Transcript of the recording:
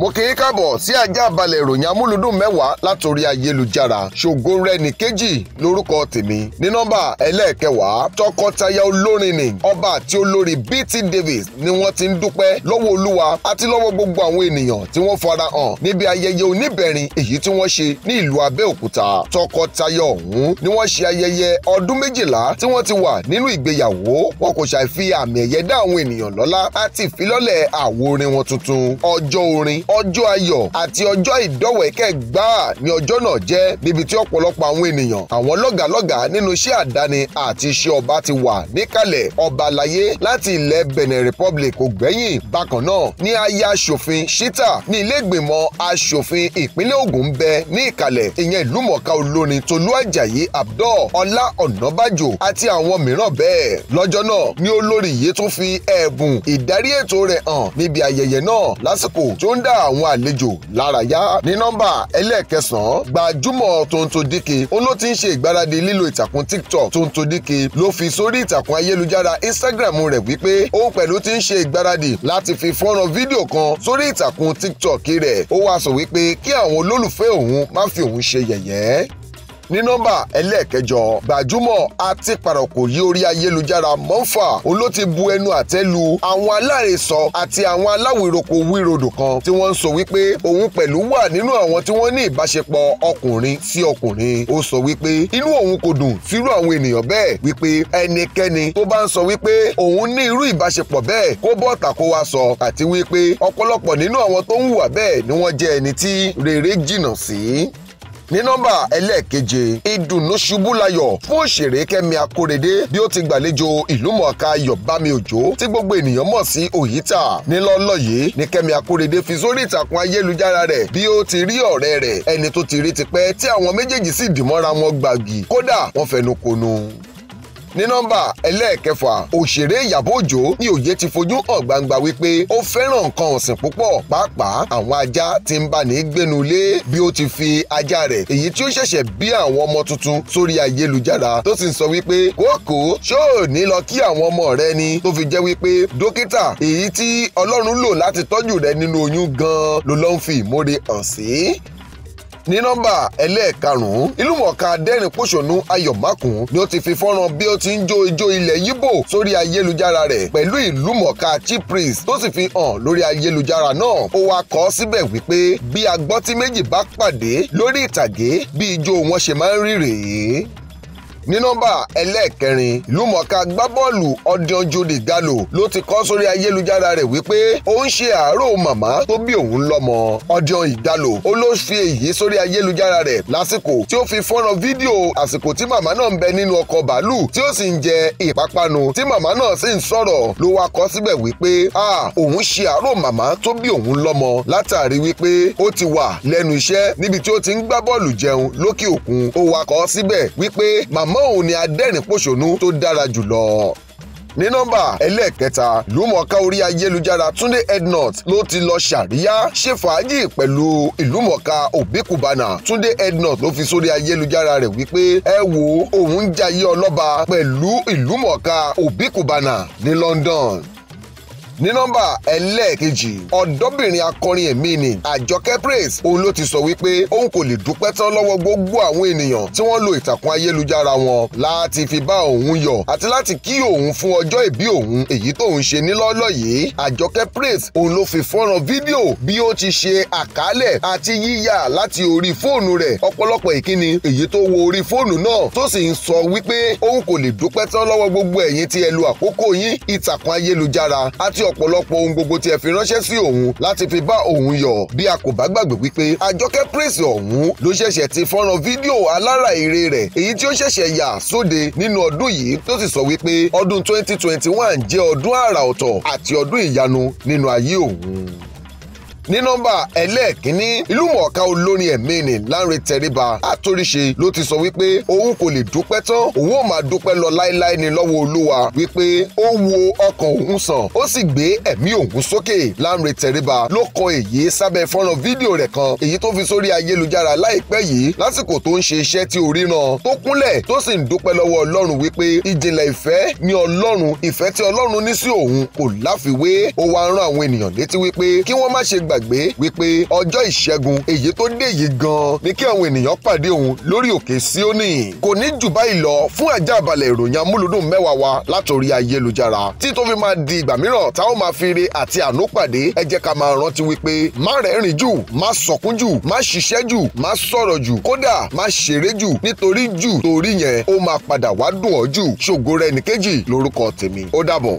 mo kì í káàbọ̀ sí àjàbalẹ̀ ìròyìn amúlùdùn mẹ́wàá látòrí ayélujára ṣògo rẹni kejì lórúkọ tèmi ní nọ́mbà ẹlẹ́ẹ̀kẹwàá tọkọtaya olórin ni ọba àti olórí bt davis ni wọ́n ti ń dúpẹ́ lọ́wọ́ olúwa àti lọ́wọ́ gbogbo àwọn ènìyàn tí wọ́n fara hàn níbi ayẹyẹ oníbẹ̀rin èyí tí wọ́n ṣe ní ìlú abẹ́òkúta tọkọtaya ọ̀hún ni wọ́n ṣe ayẹyẹ ọdún méjìlá tí wọ́n ti wà nínú ìgbéyàwó wọn kò ṣàì fi àmì ẹ̀yẹ dá àwọn ènìyàn lọ́lá àti ìfilọ́lẹ̀ àwo orin wọn tuntun ọjọ́ ọjọ́ ayọ̀ àti ọjọ́ ìdọ́wẹ̀kẹ́ gbáà ni ọjọ́ náà jẹ́ níbi tí ọ̀pọ̀lọpọ̀ àwọn ènìyàn àwọn lọ́gàlọ́gà nínú iṣẹ́ àdáni àti iṣẹ́ ọba ti wà níkàlẹ̀ ọba àlàyé láti ilẹ̀ Benin Republic kò gbẹ́yìn bákan náà ní aya aṣòfin Shita ní ilé ìgbìmọ̀ aṣòfin ìpínlẹ̀ Ògùn ń bẹ ní ìkàlẹ̀ ìyẹn ìlúmọ̀ọ́ká olórin Tolú Àjàyí Abdul Ọlá Ọ̀nàbàjò àti àwọn mìíràn bẹ́ẹ̀ lọ́jọ́ náà ni olórí yìí tún fi ẹ̀bùn ìdarí ètò rẹ̀ hàn níbi ayẹyẹ náà lásìkò tó ń dá àwọn àlejò lárayá ní nọ́mbà ẹlẹ́ẹ̀kẹsàn-án gbajúmọ̀ Tonto Dike ó ló ti ń ṣe ìgbáradì lílo ìtàkùn TikTok Tonto Dike ló fi sórí ìtàkùn ayélujára Instagram rẹ̀ wípé òun pẹ̀lú ti ń ṣe ìgbáradì láti fi fọ́nrán fídíò kan sórí ìtàkùn TikTok rẹ̀ ó wá sọ wípé kí àwọn olólùfẹ́ òun má fi òun ṣe yẹ̀yẹ́ ní nọ́mbà ẹlẹ́ẹ̀kẹjọ gbajúmọ̀ àti pàrọ̀kò yí orí ayélujára mọ́fà òun ló ti bu ẹnu àtẹ́ lu àwọn alárèsọ àti àwọn aláwìroko wírodò kan tí wọ́n ń sọ wípé òun pẹ̀lú wà nínú àwọn tí wọ́n ní ìbáṣepọ̀ ọkùnrin sí ọkùnrin ó sọ wípé inú òun kò dùn sírú àwọn ènìyàn bẹ́ẹ̀ wípé ẹnikẹ́ni tó bá ń sọ wípé òun ní irú ìbáṣepọ̀ bẹ́ẹ̀ kó bọ́ọ̀tà kó wá sọ àti wípé ọ̀pọ̀lọpọ̀ nínú àwọn tó ń hùwà bẹ́ẹ̀ ni wọ́n jẹ́ ẹni tí rere jìnnà sí ní nọ́mbà ẹlẹ́ẹ̀keje ìdùnnú ṣubú layọ̀ fún òṣèré kẹ́mi akórèdé bí ó ti gbàlejò ìlúmọ̀ọ́ká yọ̀bámi òjó tí gbogbo ènìyàn mọ̀ sí òyìtà nílọ́lọ́ yìí ní kẹ́mi akórèdé fi sórí ìtàkùn ayélujára rẹ̀ bí ó ti rí ọ̀rẹ́ rẹ̀ ẹni tó ti rí tipẹ́ tí àwọn méjèèjì sì dìmọ́ra wọn gbàgì kódà wọ́n fẹnu ní nọ́mbà ẹlẹ́ẹ̀kẹfà òṣèré Ìyábọ̀ Òjó ni Òjé ti fojú hàn gbangba wípé ó fẹ́ràn nǹkan ọ̀sìn púpọ̀ pàápàá àwọn ajá tí ń bá ní gbénu ilé bí ó ti fi ajá rẹ̀ èyí tí ó ṣẹ̀ṣẹ̀ bí àwọn ọmọ tuntun sórí ayélujára tó sì ń sọ wípé kókó ṣó ò ní lọ kí àwọn ọmọ rẹ ni tó fi jẹ́ wípé dókítà èyí tí Ọlọ́run lò láti tọ́jú rẹ nínú oyún gan-an ló lọ́ ń fi ìmóore hàn sí ní nọ́mbà ẹlẹ́ẹ̀karùn-ún ìlúmọ̀ọ́ká dẹ́rìn pòṣónú ayọ̀ mákùn ni ó ti fi fọ́nrán bí ó ti ń jó ijó ilẹ̀ yíbò sórí ayélujára rẹ̀ pẹ̀lú ìlúmọ̀ọ́ká chief priest tó sì fi hàn lórí ayélujára náà ó wá kọ síbẹ̀ wípé bí agbọ́tí méjì bá pàdé lórí ìtàgé bí ijó wọn ṣe máa ń rí rèé ní nọ́mbà ẹlẹ́ẹ̀kẹrin ìlúmọ̀ọ́ká gbábọ́ọ̀lù ọdún Judy Gallo ló ti kọ sórí ayélujára rẹ̀ wípé òun ṣe àárò màmá tó bí òun lọ́mọ ọdún Ìgalò ó ló fi èyí sórí ayélujára rẹ̀ lásìkò tí ó fi fọ́nrán fídíò àsìkò tí màmá náà ń bẹ nínú ọkọ̀ bàálù tí ó sì ń jẹ ìpápánu tí màmá náà sì ń sọ̀rọ̀ ló wá kọ síbẹ̀ wípé a òun ṣe àárò màmá tó bí òun lọ́mọ látàrí wípé ó ti wà lẹ́nu iṣẹ́ níbi tí ó ti ń gbá bọ́ọ̀lù jẹun lókè òkun ó wá kọ síbẹ̀ wípé màmá àmọ́ òun ni adẹ́rìn-pòṣónú tó dára jùlọ ní nọ́mbà ẹlẹ́ẹ̀kẹta ìlúmọ̀ọ́ká orí ayélujára Túndé Ednut ló ti lọ ṣàríyá ṣe fàájì pẹ̀lú ìlúmọ̀ọ́ká Obi Cubana Túndé Ednut ló fi sórí ayélujára rẹ̀ wípé ẹ wo òun ń jayé ọlọ́ba pẹ̀lú ìlúmọ̀ọ́ká Obi ní London ní nọ́mbà ẹlẹ́ẹ̀kejì ọ̀dọ́bìnrin akọrin ẹ̀mí ni àjọkẹ́ praise òun ló ti sọ wípé òun kò lè dúpẹ́ tán lọ́wọ́ gbogbo àwọn ènìyàn tí wọ́n lo ìtàkùn ayélujára wọn láti fi bá òun yọ̀ àti láti kí òun fún ọjọ́ ìbí òun èyí tóun ṣe nílọ́lọ́ yìí àjọkẹ́ praise òun ló fi fọ́nrán fídíò bí ó ti ṣe àkálẹ̀ àti yíyà láti orí fóònù rẹ̀ ọ̀pọ̀lọpọ̀ ìkíni èyí tó wo orí fóònù náà tó sì ń sọ wípé òun kò lè dúpẹ́ tán lọ́wọ́ gbogbo ẹ̀yin tí ẹ àkókò yín ìtàkùn ayélujára àti ọ̀pọ̀lọpọ̀ ohun gbogbo tí ẹ fi ránṣẹ́ sí òun láti fi bá òun yọ̀ bí a kò bá gbàgbé wípé àjọkẹ́ praise ọ̀hún ló ṣẹ̀ṣẹ̀ ti fọ́nrán fídíò alára rẹ̀ èyí tí ó ṣẹ̀ṣẹ̀ yà sóde nínú ọdún yìí tó sì sọ wípé ọdún 2021 jẹ́ ọdún àrà ọ̀tọ̀ àti ọdún ìyanu nínú ayé òun ní nọ́mbà ẹlẹ́ẹ̀kínní ìlúmọ̀ọ́ká olórin ẹ̀mí ni Lánrè Tẹríba àtòríṣe ló ti sọ wípé òun kò lè dúpẹ́ tán òun ò máa dúpẹ́ lọ láéláé ni lọ́wọ́ olúwa wípé ó wo ọkàn òun sàn ó sì gbé ẹ̀mí òun sókè Lánrè Tẹríba ló kọ èyí sábẹ́ fọ́nrán fídíò rẹ̀ kan èyí tó fi sórí ayélujára láìpẹ́ yìí lásìkò tó ń ṣe iṣẹ́ tí orí náà tó kúnlẹ̀ tó sì ń dúpẹ́ lọ́wọ́ ọlọ́run wípé ìjìnlẹ̀ ìfẹ́ ni ọlọ́run ìfẹ́ tí ọlọ́run ní sí òun kò láfiwé ó gbàgbé wípé ọjọ́ ìṣẹ́gun èyí tó dé yìí gan-an ni kí àwọn ènìyàn pàdé òun lórí òkè Síónì kò ní jù báyìí lọ fún àjàbalẹ̀ ìròyìn amúlùdùn mẹ́wàá wa látòrí ayélujára tí tó fi máa di ìgbà mìíràn tá ó máa fi re àti àánú pàdé ẹ jẹ́ ká máa rántí wípé má rẹ́rìn jù má sọkún jù má ṣiṣẹ́ jù má sọ̀rọ̀ jù kódà má ṣeré jù nítorí jù torí yẹn ó máa padà wá dùn ọ́ jù ṣògo rẹ̀ nìkejì lórúkọ tèmi ó dàbọ̀.